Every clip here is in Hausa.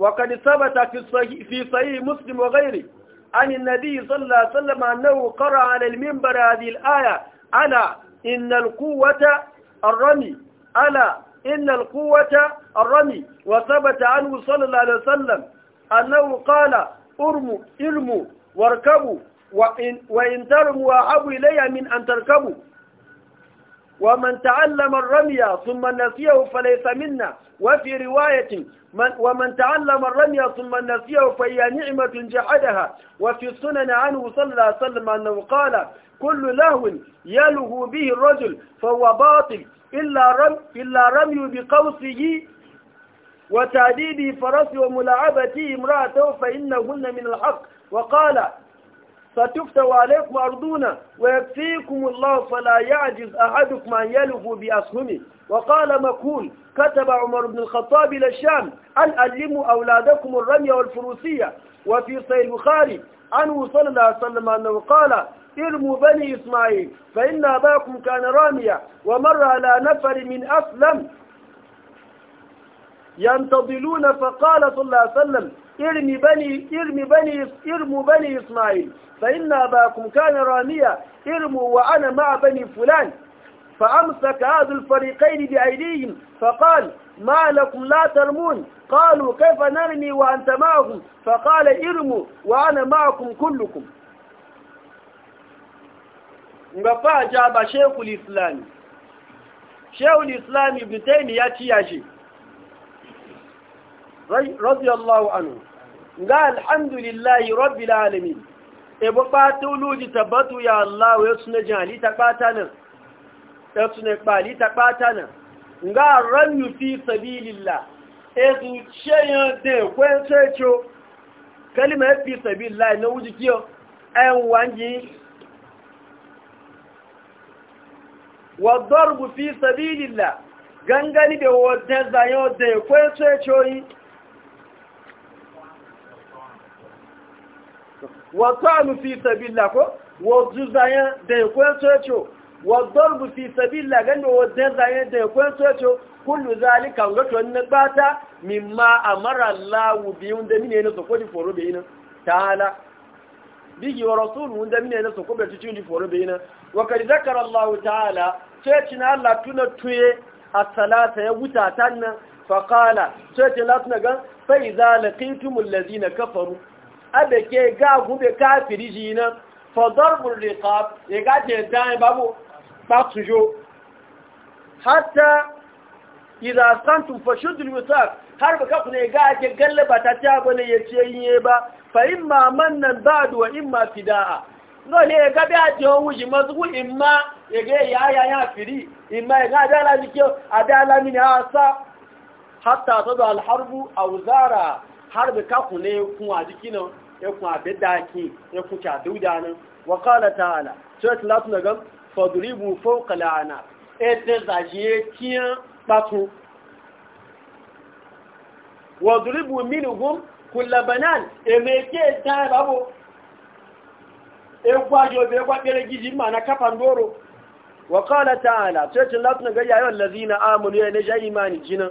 وقد ثبت في في صحيح مسلم وغيره عن النبي صلى الله عليه وسلم أنه قرأ على المنبر هذه الآية ألا إن القوة الرمي ألا إن القوة الرمي وثبت عنه صلى الله عليه وسلم أنه قال ارموا ارموا واركبوا وإن, وإن ترموا أحب إلي من أن تركبوا ومن تعلم الرمي ثم نسيه فليس منا وفي رواية من ومن تعلم الرمي ثم نسيه فهي نعمة جحدها وفي السنن عنه صلى الله عليه وسلم أنه قال كل لهو يلهو به الرجل فهو باطل إلا رمي, إلا رمي بقوسه وتعديد فرس وملاعبته امرأته فإنهن من الحق وقال ستفتو عليكم أرضونا ويكفيكم الله فلا يعجز أحدكم أن يلفوا بأسهمه وقال مكول كتب عمر بن الخطاب إلى الشام أن ألموا أولادكم الرمية والفروسية وفي صحيح البخاري عنه صلى الله عليه وسلم أنه قال ارموا بني إسماعيل فإن أباكم كان راميا ومر على نفر من أسلم ينتظلون فقال صلى الله عليه وسلم ارم بني ارم بني ارموا بني إسماعيل فإن أباكم كان راميا ارموا وأنا مع بني فلان فأمسك هذا الفريقين بأيديهم فقال ما لكم لا ترمون قالوا كيف نرمي وأنت معهم فقال ارموا وأنا معكم كلكم ngafa jaba شيخ الاسلام شيخ الاسلام ابن تيميه ya ci radiyallahu anhu ga alhamdulillahi rabbil alamin e bo pata uluji tabatu ya Allah ya suna jali ta pata nan ta e suna pali ta pata nan ga ranyu fi sabilillah e du cheyan de kwen secho kalima e fi sabilillah na wuji kiyo en wanji wa darbu fi sabilillah gangani da wajen zayo da kwen secho yi watalu fi sabilillah ko wajuzayan da kwan socho wadarbu fi sabilillah ganda wajuzayan da kwan socho kullu zalika ga to ne bata mimma amara Allah bi unda ta'ala bigi wa na Allah tuna ya wuta sai na kafaru أبكي قابو بكافر جينا فضرب الرقاب يقعد يدعي بابو تقصجو حتى إذا أسقنتم فشد الوثاق حرب كفن يقعد يقلب تتعب ليتيني با فإما من بعد وإما فداء لا يا غبي اجو وجي مزغو اما يجي يا يا فري اما يا غدا لا حتى تضع الحرب اوزارا har da kakun ne kun a jiki nan ya kun abin da ki ya kun ta da nan wa kala ta'ala sai ta latu daga fadribu ana la'ana ete zaje kiyan patu wa dribu minhum kull banan e ke ta babo e gwajo be gwabere giji na kafan doro wa kala ta'ala sai ta latu daga yayin lazina amuru ya ne jaimani jinan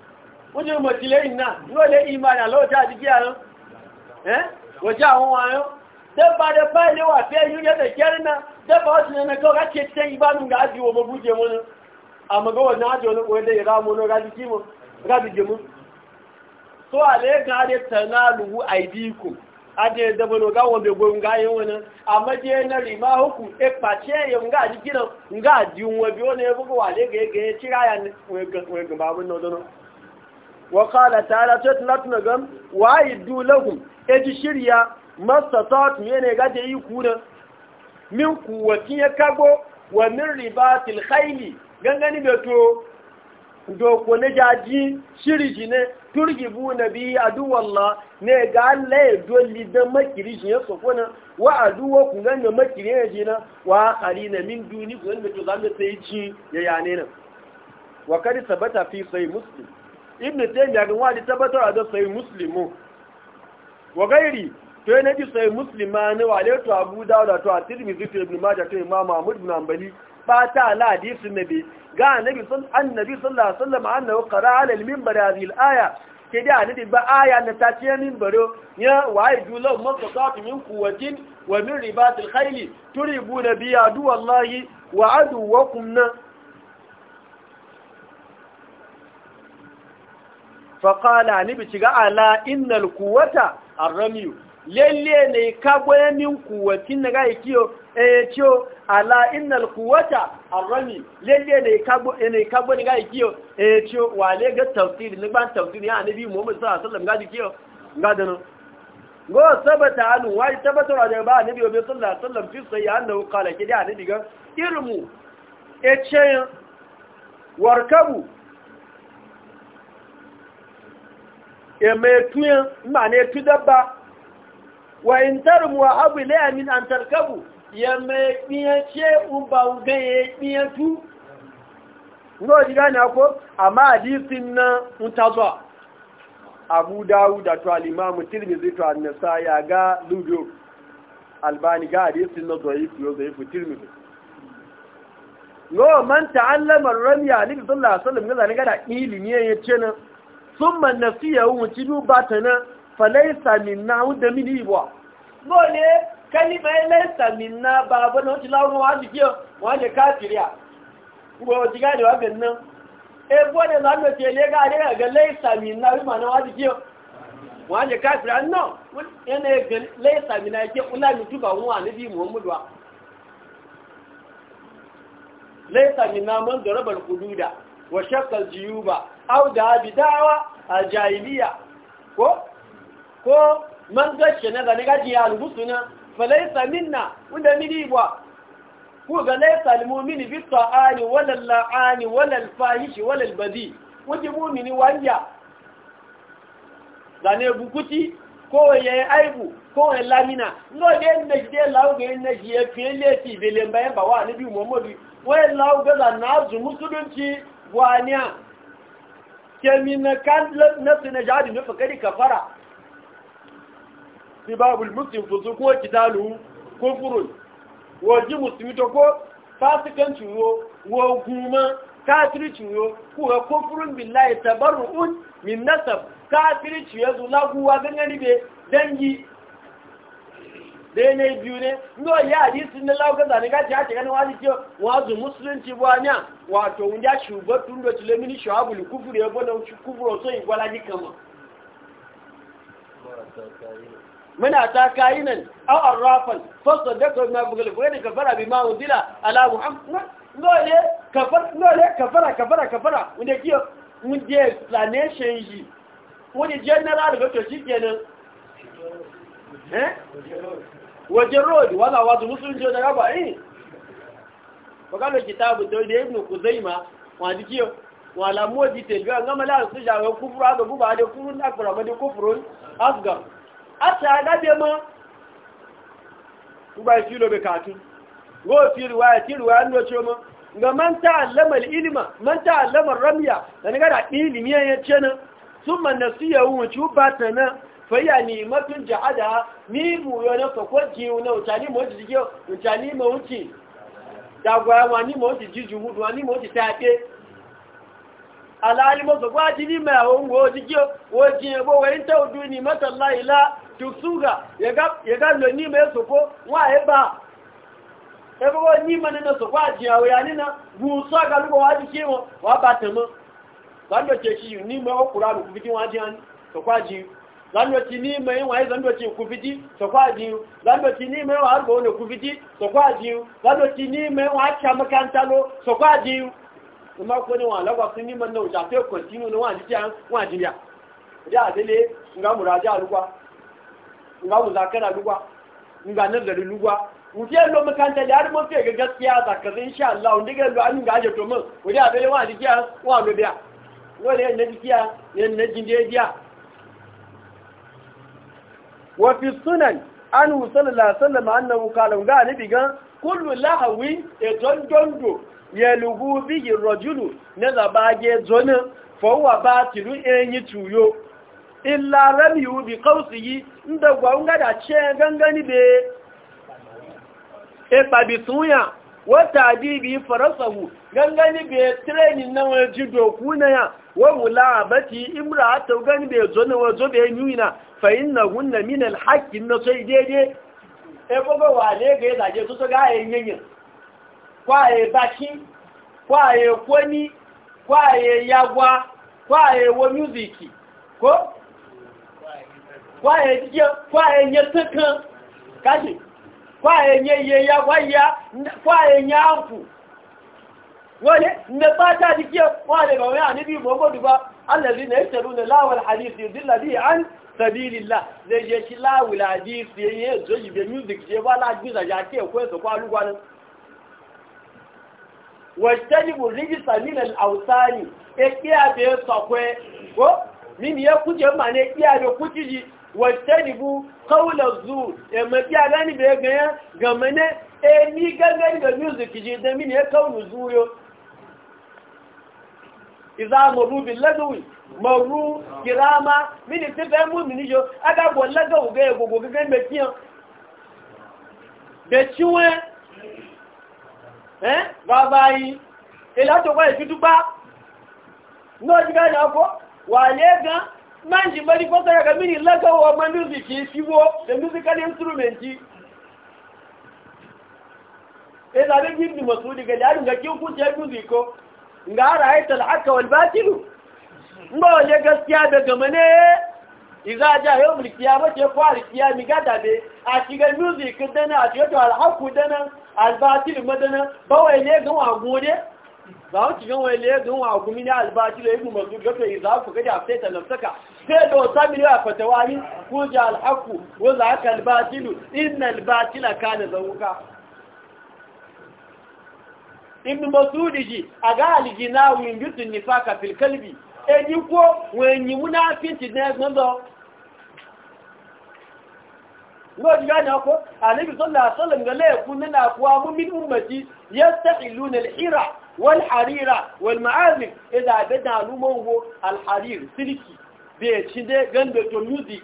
oúnjẹ mọ̀tí lẹ́yìn náà yóò lé ìmànà lọ́jọ́ àdíjí àrùn ẹ́ ọjọ́ àwọn àrùn dẹ́bà dẹ́bà ilé wà fẹ́ yíò yẹ́ tẹ̀kẹ́rì náà dẹ́bà ọ̀sìn ẹ̀nà kọ́ ká ṣe tẹ́ ìbánu ga ájú ọmọ bújẹ na adé tẹ̀nà lùwú àìdíkù na bẹ̀gbọ̀ nga yẹn wọn àmọ́jẹ́ ẹ̀nà rí máa hókù ẹ pàṣẹ yẹ nga àdíjì náà nga àdí wọn bí ní wà tíráyà wa kala tara ce tunatuna gan waye dulahun e ji shirya masata tun yene gaje yi kunan min kuwatin ya kago wa min riba tilhaili gangani da to doko na jaji shirji ne turgibu na biyi aduwallah ne ga laye doli don makiri shi ya sofona wa aduwa ku gani makiri ya na wa hari min duni ku da to zama sai ci ya yane na wa kari sabata fi sai muslim ibn taymiya ga wani tabbatar da sai muslimu wa gairi to yana ji sai muslima ne wa le to abu dawuda to at-tirmidhi to ibn majah to imam ahmad ibn hanbali ba ta la hadisi nabi ga nabi annabi sallallahu alaihi wasallam annahu qara ala al-minbar hadhihi al-aya ke da ni ba aya na ta ce min baro ya waye julo masaqat min quwwatin wa min ribat al-khayl turibuna bi adu wallahi wa adu wa kumna faƙala ni bi ciga ala innal kuwata arramiyu lalle ne ka goye min kuwatin na ga ikiyo eh ciyo ala innal kuwata arrami lalle ne ka go eh, ne ka go ne ga ikiyo eh ciyo wale ga tafsir ni ban tafsir ya annabi Muhammad sallallahu alaihi wasallam ga ikiyo ga dano go sabata anu wai tabbatar da ba annabi sallallahu alaihi wasallam fi sai annahu qala kidi annabi ga irmu e ce warkabu ema etuyen ma na tu dabba wa in tarmu wa abu la min an tarkabu yema biye ce un ba un ga ye biye tu ngo diga na ko amma hadisin na mutazwa abu dawud da to al-imam tirmidhi to an-nasai ga ludo albani ga hadisin na dhaif yo dhaif tirmidhi ngo man ta'allama ar-ramya ni sallallahu alaihi wasallam ga zan ga da ilimi yace na ثم ma nasiya wun ci biyu ba ta nan falaisa minna wunda mini ibuwa lóòlé kẹ́límà ẹlẹ́sà minna bá abọ́nà ó ti láwọn wá jù kí wọ́n lè káàkiri à gbogbo ti gáàdì wá gẹ̀ẹ́ náà ẹgbọ́n ni lánàá ti ẹlẹ́gà adẹ́gàgẹ́ lẹ́sà minna wímọ̀ náà wá jù kí wọ́n lè káàkiri à náà ẹnà ẹgbẹ́ lẹ́sà minna ẹgbẹ́ ọlámi wa aljahiliya ko ko man gashi na zane gaji ya rubutu na falaisa minna wanda mini ba ku ga laisa almumini bi ta'ani wala la'ani wala alfahishi wala al-badi wuce mumini wanja zane bukuti ko yayi aibu ko yayi lamina no de ne de lawo ga ne ji e pele ti bele mbaye ba wa ni bi muhammadu wa lawo ga na zu musulunci waniya kemi na kan nasu na jari nufi kari kafara si babu musulun fusu ko kitalu ko furun waji musulmi to ko fasikanci wo wo guma kafirci wo kuwa ko furun billahi tabarru'un min nasab kafirci ya zo laguwa gangani be dangi dai ne biyu ne ndo ya hadisi na lauka zane ga ci hake ganin wani kiyo wazu musulunci bu anya wato wunja shugaban tun da tule mini shahabul kufur ya gwada kufuro so igwala ji kama muna ta kayi nan au arrafan fasa da ka na bugal ko ne kafara bi ma udila ala muhammad dole kafara dole kafara kafara kafara wanda kiyo mun je explanation yi wani general ga to shikenan eh wajen road wanda wasu musulunci wajen raba yi eh. wakano kitabu da wadda ibn kuzaima wadi kiyo wala moji te biya gama la su jawo kufuru aga guba da kufurun akbara ma da kufurun asgar ata da be ma guba kilo be katun go fi riwaya ti riwaya no ce ma ga man ta'allama al-ilma man ta'allama ar-ramya dan ga da ilimi ya ce na summa nasiya wa chubata na fẹ́yà ní mọ́tún jẹ́ àdá ní ìmúyọ na sọ̀kọ́ jí una òtà ní mọ́ ti jíjẹ́ òtà ní mọ́ ti dàgbà wọn ní mọ́ ti jíjù wọn ní mọ́ ti tààké aláàrímọ́ sọ̀kọ́ ají ní mẹ́ ohun wo jíjẹ́ wo jí ẹgbọ́ wẹ́n tẹ́ ojú ní mọ́tàlá ìlà tùsúgà yẹgá zanwaci ni mai waye zanwaci ku fiti so kwa jiyu zanwaci ni mai wa arba wani ku fiti so kwa jiyu zanwaci ni mai wa kya makanta lo so kwa jiyu kuma ko ni wa lagwa sun ni man na wuta sai continue na wani jiya wani jiya da dele nga muraja lugwa nga muzakara lugwa nga nazari lugwa wuce lo makanta da har mun fi ga gaskiya zakarin insha Allah wanda diga lo an ga aje to mun wuce a dele wani jiya wani biya wani ne jiya ne jinde jiya wa fi sunan an sallallahu sallam annahu qala ga ni gan kullu lahawi e dondondo lugu bihi rajulu ne zabage zona fa ba batilu enyi tuyo illa ramiyu bi qawsihi inda gwaunga da ce gangani be e pabi suya wa tadibi farasahu gangani bai training na wani jido na ya wawula labati imra hata gani bai zo na wazo bai yi na fa'in na hunna min alhakin na sai daidai e gbogbo wa ga ya zage su ga yin yanyin kwaye baki kwaye kwani kwaye yagwa kwaye wa muziki ko kwaye ya tukan kashi kwaye ya yagwa ya kwaye ya hanku wale na fata dikiya wale ba wai annabi Muhammadu ba allazi na yashtaru na lawal hadisi yudilla bi an sabilillah zai je shi lawul hadisi yayin zo yi be music je ba la gbiza ya ke ko so kwa lugwanin wajtanibu rijsa min al-awsani e kiya be sakwe ko min ya kuje ma ne kiya be kujiji wajtanibu qawla zur e ma kiya gani be ga gamane e ni gangani da music je da min ya kaunu zuyo iza maru bi lagawi maru kirama mini ti fẹ́ mú mi níjọ agbàgbọ̀ lagawu gẹ́ gbogbo gẹ́gẹ́ mẹ́kíyàn bẹ̀tíwẹ́ ẹ́ bàbá yìí ìlàtọ̀kọ́ ìfitúgbá náà jígá ní ọkọ́ wà lẹ́gán máa ń jì mẹ́rí fọ́sọ̀rọ̀gá mini lagawu ọmọ mẹ́sìkì síwó the musical instrument ìlàrí gígbìmọ̀ tó dìgẹ̀lẹ̀ àrùn gẹ̀kí ó kú jẹ́ gúnzì kó ga ra'ayta al-haqqa wal batil ba wale gaskiya da gamane iza ja yau mulkiya ba ce kwa rikiya mi gada be a shiga music dana a shiga to al-haqq dana al-batil madana ba ne ga wa gode za ga wai ne ga wa gumi na albashi da yi mazu gafe za ku gada a ta lamsaka sai da wata miliya fatawani ko ji alhaku ko za ka albashilu inna al ka kana zauka ibn masudiji a ga aligina win bisu nifaka fil kalbi eni ko wenyi munafinci na gbogbo lọ́dí gani ọkọ́ alẹ́bí sọ́lá sọ́lá gẹ́lẹ́ ẹ̀kún nínú àkúwà mú min yẹ́ sẹ́ìlú na al'ira wal harira wal ma'azin ẹ̀dà e àbẹ́dà alúmọ̀wò alharir siliki bí i ṣíndé gẹ́ndẹ̀ tó music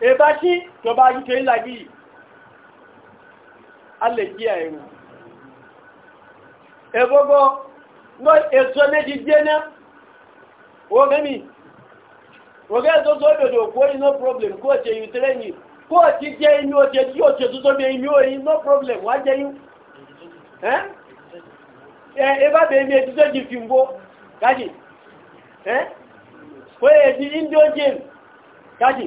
ẹ̀bá sí tó bá yí tó ń lágbí alẹ́gbí ẹ̀rù ẹgbogbo lọ èso méjì jẹ́nà ogẹ́mì ogẹ́ tó tó dòdò kó ní no problem kó ṣe yìí tẹ́lẹ̀yìn kó ti jẹ́ inú oṣe tí ó ṣe tó bẹ inú oyin no problem wá jẹ́ yìí ẹ́ ẹbá bẹ̀rẹ̀ ní ẹjú tó di fi ń bó kájì ẹ́ kó èdè indian game kájì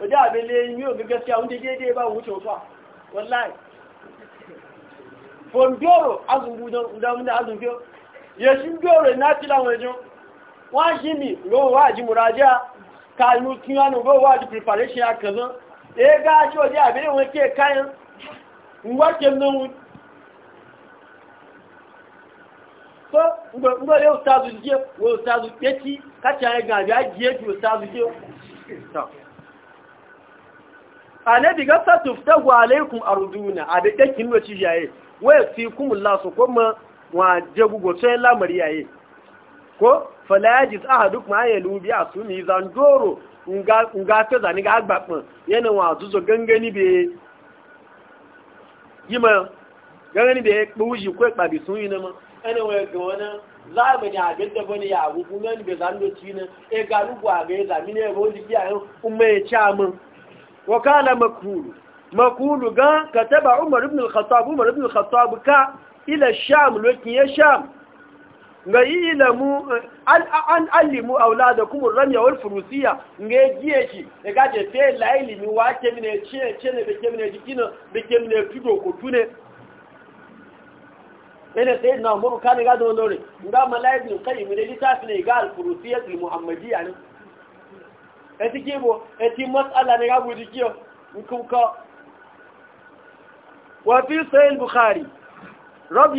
wadda abin layin yau ga gaskiya wanda daidai ba wuce fa wallahi fondoro azungu don damuna azungu ya shi doro na tila wajen wọ́n ṣí mi lówó wájí múrájá kàánú kí wọ́n ní lówó wájí preparation akẹ́zọ́ ẹgá e ṣí ọdí àbílẹ̀ wọn kí ẹkáyán ngwá kí ẹmọ́ so ngbọ́ yóò sáàzù jẹ́ wọ́n sáàzù pẹ́tí káàkiri àgbà àjíẹ́ jù sáàzù jẹ́ annabi ga sa tuftahu alaikum arduna a da dakin wace yaye waya fi kumullah su kuma wa jagu goce lamari yaye ko falajis ahaduk ma ya lubi a suni zandoro nga ta zani ga agbapin yana wa zuzo gangani be yima gangani be buji ko kpabi sun yi na ma ana waya ga wani zamani abin da bane ya abu kuma ni be zan ci na e garu gwa ga zamini e bo biya a yau kuma ya ci amin وكان وقال مكهول مكهول كتب عمر بن الخطاب عمر بن الخطاب ك إلى الشام لكن يا شام غيلا مو ان ان علموا اولادكم الرميه والفروسيه نجيجي نجاجي تي لايلي مي واكي من تشي تشي ني بكي من جكينو بكي من تيدو كوتوني انا سيدنا عمر كان غادو نوري ندا ملايك القيم اللي تاسني قال فروسيه المحمديه يعني ẹtí kíbo ẹtí mọ́sálà ní gábù díkíọ̀ nkúkọ́ wàfí sọ́yìn bukhari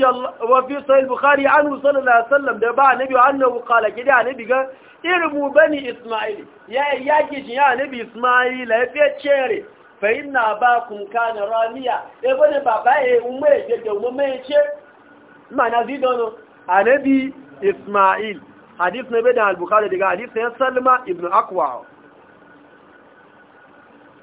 Allah, wàfí sọ́yìn bukhari anu sallallahu sallam da ba a nabi annan bukala gida a nabi gan irbu bani ismail ya yaki shi ya nabi ismail ya fi cere fahim na ba kun kana ramiya ya bane baba E, yi umar ya ga umar mai ce mana zidono a nabi ismail hadis na bai da al-bukhari daga hadis na salma ibn akwa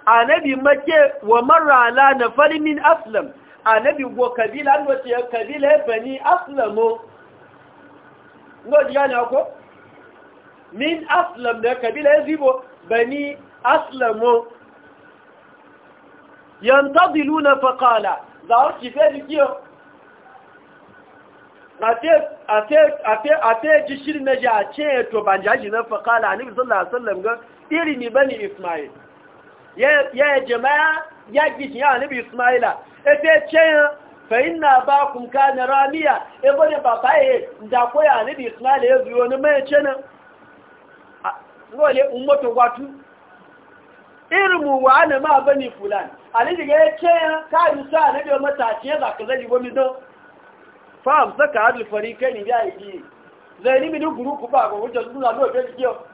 anabi make wa marala na fari min aslam anabi go kabila wace ya kabila ya bani aslamo no yana ko min aslam da kabila ya zibo bani aslamo yantadiluna faqala za su ci fe dikiyo a te ji shirin na ji a ce to banjaji na faqala anabi sallallahu alaihi wasallam ga irini bani ismail ya jama'a ya gishin ya nabi ismaila ebe ceyan fa'in na ba kunka na ramiya ebe ne baba ya da koya nabi ismaila ya zuwa ni mai cenan wale umato gwatu irmu wa ana ma bani fulan aliji ga ya ceyan ka yi sa nabi wa matashi ya zaka zai gomi don fam saka hadu farika ni ya yi zai ni mini guru ku ba ga wajen suna nufin jiyo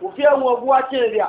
ku fiye wa guwa ce riya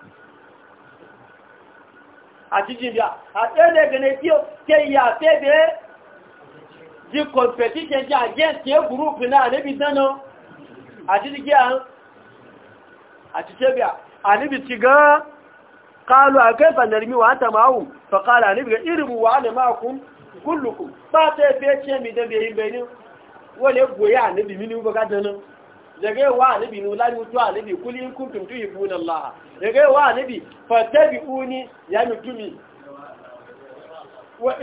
àti jìbìá àtẹ́lẹ̀ gẹ̀nẹ̀ tí ó ké ìyà àtẹ́bẹ̀ di competition jẹ́ àjẹ́sì é náà níbi dáná àti jìbìá àti jìbìá àníbi ti gan kálù wà níbi daga yawa annabi nu la mutu annabi kul in kuntum tuhibuna Allah daga yawa annabi fatabi'uni ya mutumi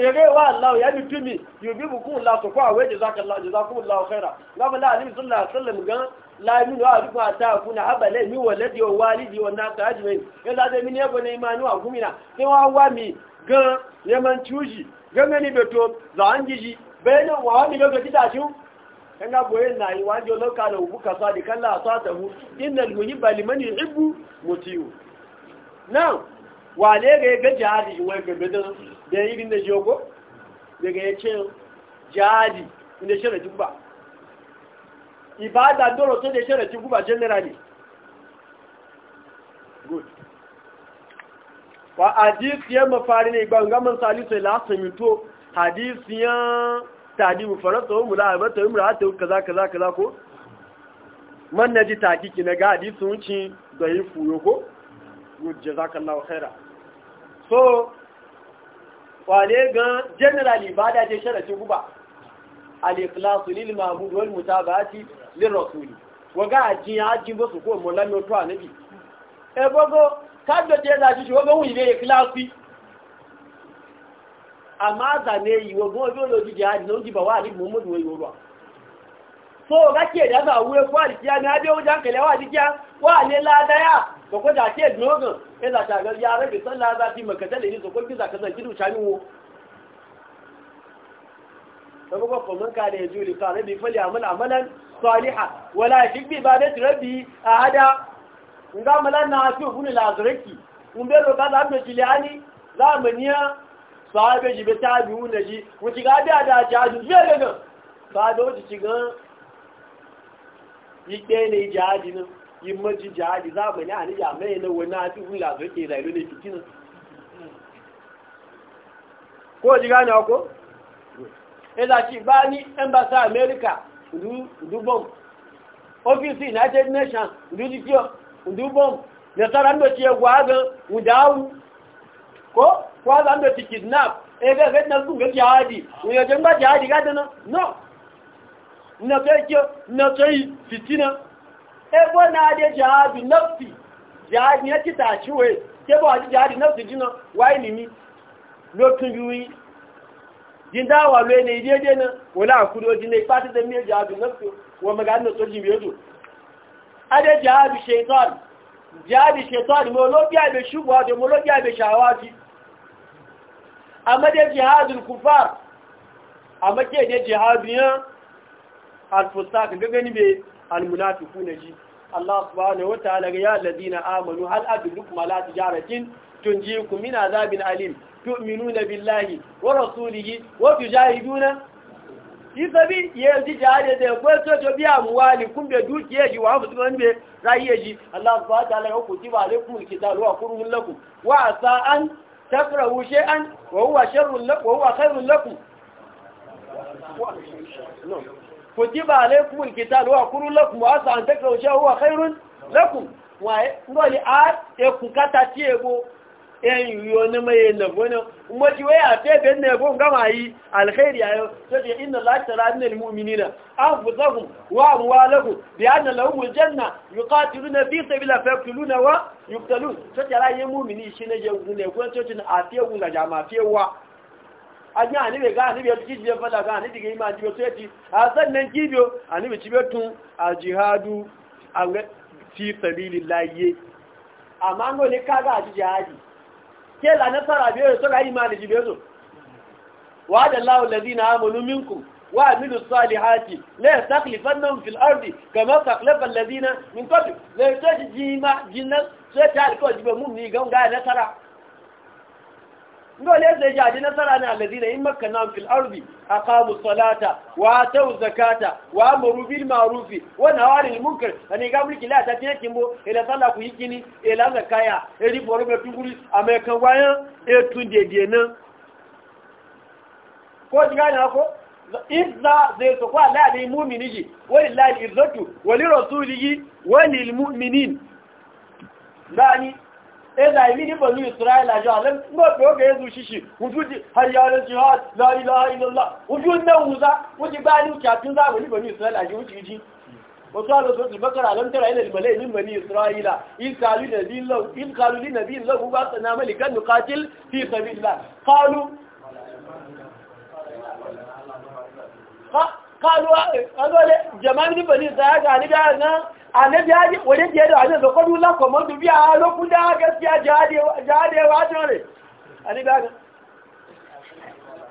daga yawa Allah ya mutumi yubibukum Allah to ko awaje zakallahu jazakumullahu khaira gaba la annabi sallallahu alaihi wasallam ga la min wa rufa ta kuna abale mi waladi wa walidi wa nasa ajmai yalla da min yabo ne imani wa gumina sai wa wa mi ga yaman tuji ga ne beto za an giji bayan wa wa mi ga gida shi kanga boye na yi wajo lauka da ubu kasa da kalla a sata hu inna al-muhibba liman mutiyu now wale ga ga jihadi wai ga bidan da irin da jogo daga ya ce jihadi inda ibada doro da generally good wa hadisi ya mafari ne gbangaman salisu la samito hadisi ya tadimu farasa mu la abata mu ra ta kaza kaza kaza ko man naji takiki na gadi sun ci da yi fuyo ko good jazakallahu khaira so kwale gan general ibada je sharati guba al-ikhlasu lil ma'bud wal mutaba'ati lir rasuli waga ajin ajin bo su ko mo lami to anabi e bogo kajo je da ji waga wi be ikhlasi amma zane yi wa goma biyo da jihadi na wuji ba wa alif muhammadu wai yoruwa so ga ke da za wuye ko alikiya na biyo wajen hankali wa jikiya wa ne ladaya ba ko da ke nogan ya za shagar ya rabe sallah za fi makatar da ni so ko kiza ka zanki duca min wo sabu ko faman ka da yajuli ka rabi fali amal amalan saliha wala ya fi yashik bi ibadati rabbi ahada nga malan na asu bunu lazaraki umbe ro ka da me kiliani zamaniya sahabe ji be tabi'u na ji wuci ga da da jaju je ga ga sahabe wuci ci yi yike ne jaji nan yin maji jaji zamani a nija mai na wani a ati hula zo ke zailo ne fitin ko ji gane ko Ina e ci ba ni embassy america du bomb office united nations du dikio du bomb nasara ndo ci egwa ga udawu ko kwa za mu ci kidnap eh ga ga nan gunga jihadi mu ya jin ba jihadi ga dana no na kai ke na kai fitina E bo na de jihadi nafsi jihadi ya ci tashi we ke ba jihadi nafsi jina wai ni mi lokun yuyi jin dawa lo ne daidai na wala kudo jin ne fata ta me jihadi nafsi wa magana to jin biyo ade jihadi shaytan jihadi shaytan mo lo bi abe shubu ade mo lo bi abe shawati amma da jihadul kufar amma ke da jihadiyan al-fusaq gani be al kuna ji Allah subhanahu wataala ga ya ladina amanu hal adullukum ala tijaratin tunjikum min azabin alim tu'minuna billahi wa rasulihi wa tujahiduna isabi ya Yanzu jihadi da ko so to biya muwali kun be dukiye ji wa mutum be rayiye ji Allah subhanahu wataala ya ku tiba alaikum alkitabu wa kurhun lakum wa asa an تكرهوا شيئا وهو شر لكم وهو خير لكم كتب عليكم القتال وكل لكم وعسى ان تكرهوا شيئا وهو خير لكم واي وقال آت يكون كتاتيبو yan yi na mai lagwani umarci wai a tebe na yabon gama yi alkhairi a yau ta ce inda za ta rani na mummini na an fusahun wa amuwa lagu da ya na lagun janna yi katilu na fi sabila faktulu na wa yuktalu ta ce rayu mummini shi na jagu ne kuma ta ce na afewu ga jama afewa a yi anibe ga anibe su kijiyar fada ga anibe ga ima jibe su yati a sannan kibiyo anibe cibe tun a jihadu a fi sabilin laye amma ngo ne kaga a jihadi ke la nasara biyo so la imani ji bezo wa da Allahu allazina amanu minkum wa amilu salihati la yastakhlifannahum fil ardi kama stakhlafa allazina min qabl la tajima jinna sai ta alko jibe mun ni ga ga nasara dole sai ya ji nasara ne allazina in makkana fil ardi aqamu salata wa atu zakata wa amaru bil ma'ruf wa nahaw anil munkar ani ga mulki la ta tiye kimbo ila sala ku yikini ila zakaya eri boro be tunguri amekan wayan e de de nan ko diga na ko izza zai to kwa la da mu'mini ji walillahi izzatu walirasulihi walilmu'minin dani إذا يمين بني إسرائيل أجعل ما بيوك يزو شيشي وجود هيا الجهاد لا إله إلا الله وجود نوزا وجود باني وكاتين ذا ولي بني إسرائيل أجعل شيشي وقالوا سورة البقرة لم ترى إلى الملأ من بني إسرائيل إذ قالوا لنبي الله إذ قالوا لنبي الله بعثنا ملكا نقاتل في سبيل الله قالوا قالوا هذول جماعة بني إسرائيل قالوا annabi ya ji wani jere a zai zakwadu lakwa mazu biya a lokuta gaskiya jahadewa jore annabi ya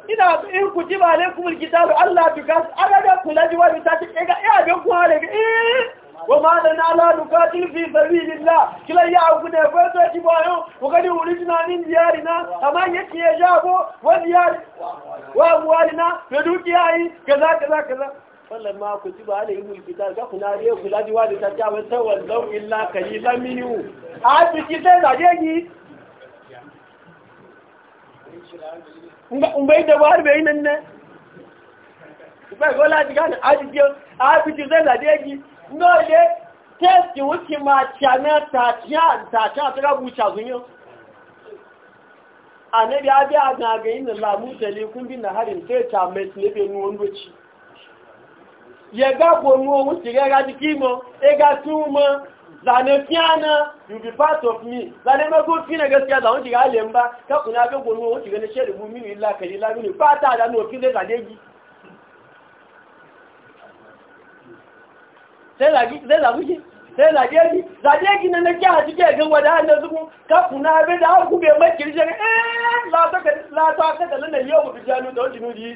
ina in ku ji ba ne kuma kitabu Allah tuka arada kula ji wani ta ce ga iya ga ku hare ga wa ma da na la lukatil fi sabilillah kila ya ku ne ko to ji bayo ku ga ni original din diyarina amma yake ya jabo wa diyar wa walina da dukiyayi kaza kaza kaza fallan ma ku ji ba ala yi mulki ta ga kuna ne ku laji wa da ta ta wa ta wallau illa kalilan minhu a biki sai da je ki umbai da ba bai nan ne ba go laji ga a biki a biki sai da je ki no le test ki wuce ma chana ta ta ta ta ta bucha zunyo annabi abi a ga ga inna la mutali kun bin harin sai ta mai ne be nuwan doci yẹ̀gbá pòmú ohun sì rẹ́ra di kí mọ́ ẹgá tí ó mọ́ lànà kí á na you be part of me lànà mẹ́kọ́ kí nà gẹ́sì àtàwọn ti rà lè ń bá kẹ́kùnrin abẹ́ pòmú ohun sì rẹ́ni ṣẹ́lẹ̀ fún mímí ńlá kẹ̀lẹ́ lámìnì pátá àdánù òfin lè làdégi lẹ́làdégi làdégi nana kí àti kí ẹ̀gẹ́ wọ̀dá àná sókún kẹ́kùnrin abẹ́ dáhùn kú bẹ́ẹ̀ mẹ́kìrì ṣẹ́ni ẹ́ẹ́ látọ́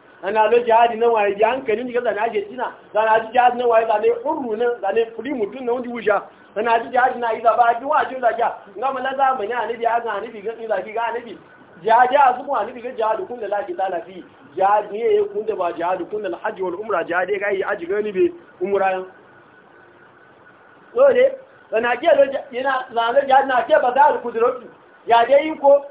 ana lo jihadi na waye ji hankali ji gaza na je tina da na ji jihadi na waye zane hurru nan zane fuli mutun na wuji wuja ana ji jihadi na iza ba ji waje da ja ngama la za mu ne anabi ya ga anabi ga iza ga anabi jihadi a zuwa anabi ga jihadi kun da la ki tala fi jihadi ne kun da ba jihadi kun da alhaji wal umra jihadi ga yi aji gani be umra dole da na ke lo yana zane jihadi na ke ba za al kudrotu ya dai ko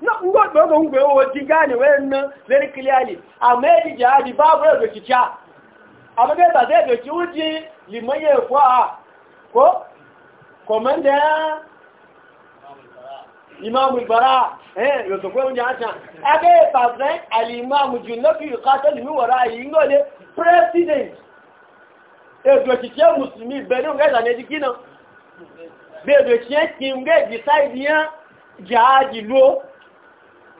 na ngodo mo ngwe o ti gani wenna very clearly amedi jadi babu da kicha amede ba de de chuji limaye kwa ko komanda imam al eh yo to ko nja acha abe bazan al-imam junabi qatal mi wara yi ngole president e do muslimi be ngeza ne dikina be do che ki nge decide yan jaji lo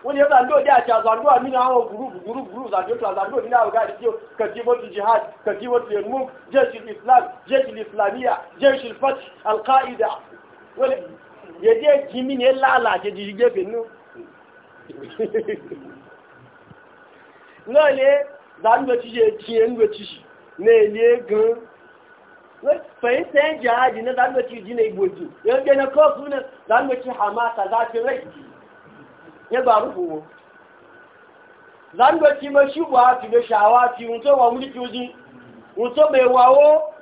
wani ya zando da ta zando a mina hawa guru guru guru zando ta zando ni na ga dijo katimatu jihad katimatu yarmuk jaysh al-islam jaysh islamiyya jaysh al-fath al-qaida wani ya je ne lalace ne na na na rai ya ba rufu wo zandoci ma shi wa da shawa ti un wa mulki uji wawo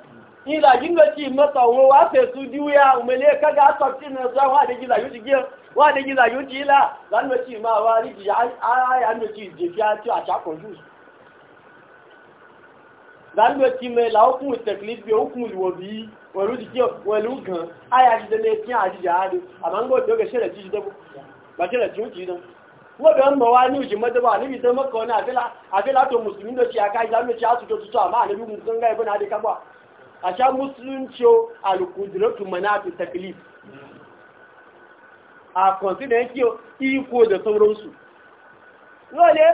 ni la jinga ti ma wo wa su diuya umele ka ga ta ti na wa de gila yuti gila wa de gila yuti la zandoci ma wa ri ji ai ai andoci je ti a ti a cha la o ku teklif bi o ku bi wẹ̀lú ti kí wẹ̀lú gan ayé àjíjẹ ní ẹkí àjíjẹ àádé àmà ń bàtí rẹ̀ tí ó jìí náà wọ́n bẹ̀rẹ̀ mọ̀ wá ní òjì mọ́tẹ́bà níbi tẹ́ mọ́kàn náà àfẹ́látò mùsùlùmí ló ṣe àká ìdámé ṣe àtúntò tuntun àmà àníbí nǹkan gáyé bọ́nà adé àṣà mùsùlùmí ṣe alùkùdìrọ́tù mọ̀nà àti tẹ̀kìlì àkànṣílẹ̀ kí ikú òjò tó rọ́ọ̀sù wọ́n lé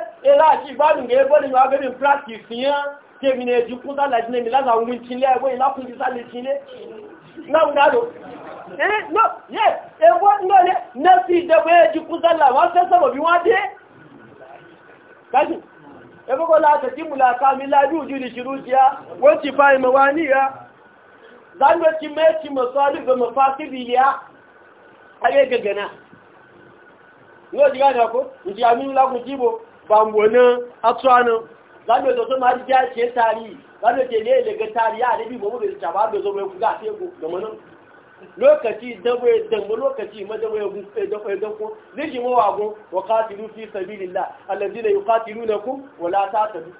sálà wọ́n tẹ́ sọ̀rọ̀ bí wọ́n dé kájú ẹgbẹ́gbọ́ látẹ̀kí mú látàmí lábí ojú ni ṣirú jẹ́ wọ́n ti fa ìmọ̀ wá níyà zánúwẹ́ ti mẹ́ẹ̀tì mọ̀ sọ́ọ́lù gbọmọ̀ fásitì ilẹ̀ ayé gẹ̀gẹ̀ náà ní òjì gáàdì ọkọ́ ìjì àmì ńlákùn jíbo bàm̀bò náà atúwánà zánúwẹ́ tó tó máa jẹ́ lokaci dawai dambu lokaci madawaye gufe dawaye ku zai ma wagon wa katilu fi sabilillah allazina yuqatilunakum wa la tatabu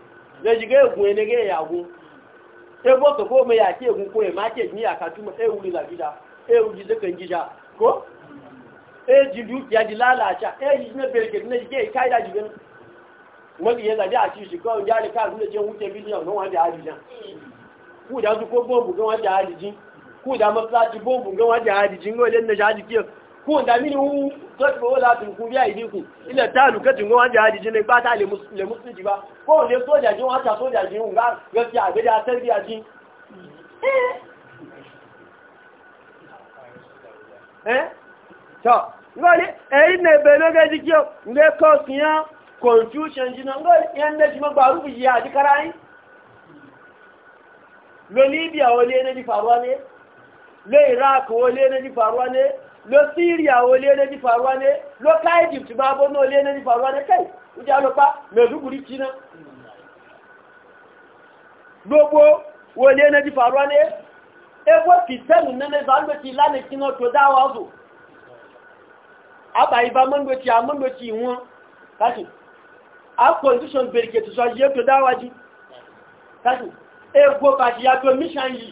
zai ji ga gwe ne ga yago e bo ko me ya ke gun ko e ma ke ni aka tuma, e wuri la gida e wuri da kan gida ko e ji ya ji lalacha e ji ne berke ne ji kai kai da ji ne wani ya da ya ci shi kawai ne ka zuwa je wuce biliyan don wa da ji jan ku da su ko bombu gan wanda ya ji ku da masallaci bombun ga wajen haji jingo idan na shaji kiyo ku da mini hu wala tun ku biya idi ku ila ta lokacin haji ba ta le musulunci ba ko ne soja jin wata soja jin ga gaskiya ga da tarbiya jin eh to eh? ngoli eyi na ebe n'oge jikio nge kosi ya confusion jina ngoli ya e nne jima gbaru bu yi adikara yi lo libya ne di faruwa ne ló iraq wọlé ẹnẹ́jì faruwa ní ló syria wọlé ẹnẹ́jì faruwa ní ló ká egypt máa bọ́ náà lé ẹnẹ́jì faruwa ní kẹ́ì ń jẹ́ alọ́pá mẹ́dúgbùrí kíná gbogbo wọlé ẹnẹ́jì faruwa ní ẹgbẹ́ kìtẹ́lù nẹ́nẹ́ ìbálòtì lánà kíná tó dáwà ọ̀zọ̀ àbà ìbá mọ́ngbòtì àmọ́ngbòtì wọn káṣù àpọ̀ndíṣọ̀n bèrèkè tó sọ yẹ́ tó dáwà jù káṣù ẹgbẹ́ pàṣíyàtọ̀ mission yìí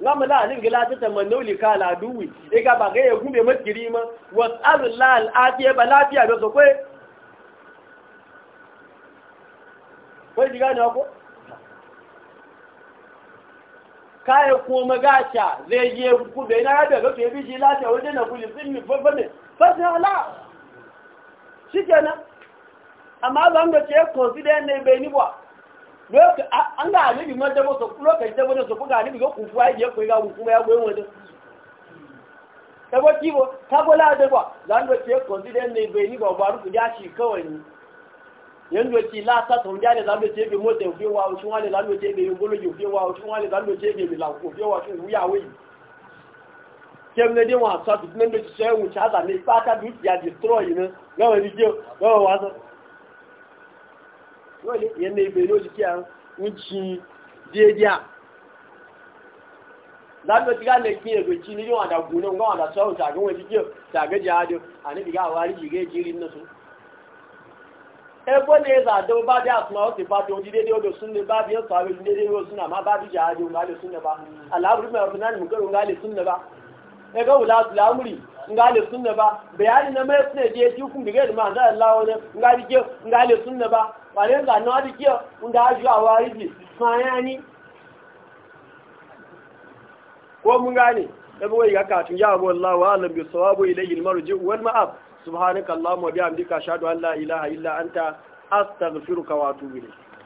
gama la anin gila ta tamannau li kala duwi e ba ga ya e gube maskiri ma wasallu la ba lafiya da so diga ne ko zai shi lafiya wajen na kuli sun fafa ne amma zan da ce ne bai ni ba an ga alibi man dabo so lokaci dabo da so ko ga alibi ko kufu ai je ko ga kufu ya goyen wani dabo kibo ta gola da ba zan do ce consider ne bai ni ba baru ku dashi kawai ni yan do ci la ta to ja ne zan do wa shi wani zan do ce bi golo ji wa shi wani zan do ce bi wani yadda ibe yau jiki a wuce daidai láti ti gáàlẹ̀ kí ẹgbẹ̀ tí ní yíwọ̀n àdàgbò náà wọ́n àdà sọ́rọ̀ tàbí wọ́n jíjẹ́ tàgẹ́jẹ́ àádọ́ àníbìgá àwárí ìrẹ́ ìjírí náà tún ẹgbẹ́ ní ẹ̀zà àdọ́ bá dé àtúnmọ̀ ó ti bá tó di dédé odò súnlẹ̀ bá bí ọ̀sọ̀ àwọn ìdílé odò súnlẹ̀ má bá dìjà àádọ́ ńgá lè súnlẹ̀ bá aláàbùrú mẹ́rin náà nìmùkẹ́rù ńgá lè súnlẹ̀ bá ẹgbẹ́ wùlá nga le sunna ba bayani na mai sunna je ti kun diga ma da Allah wani nga dike nga le sunna ba bare nga no dike nga aju awariji mayani ko mun gane da bai ga katun ya abu Allah wa alam bi sawabu ilayhi al-marji wal ma'ab subhanaka allahumma bihamdika ashhadu an la ilaha illa anta astaghfiruka wa atubu ilayk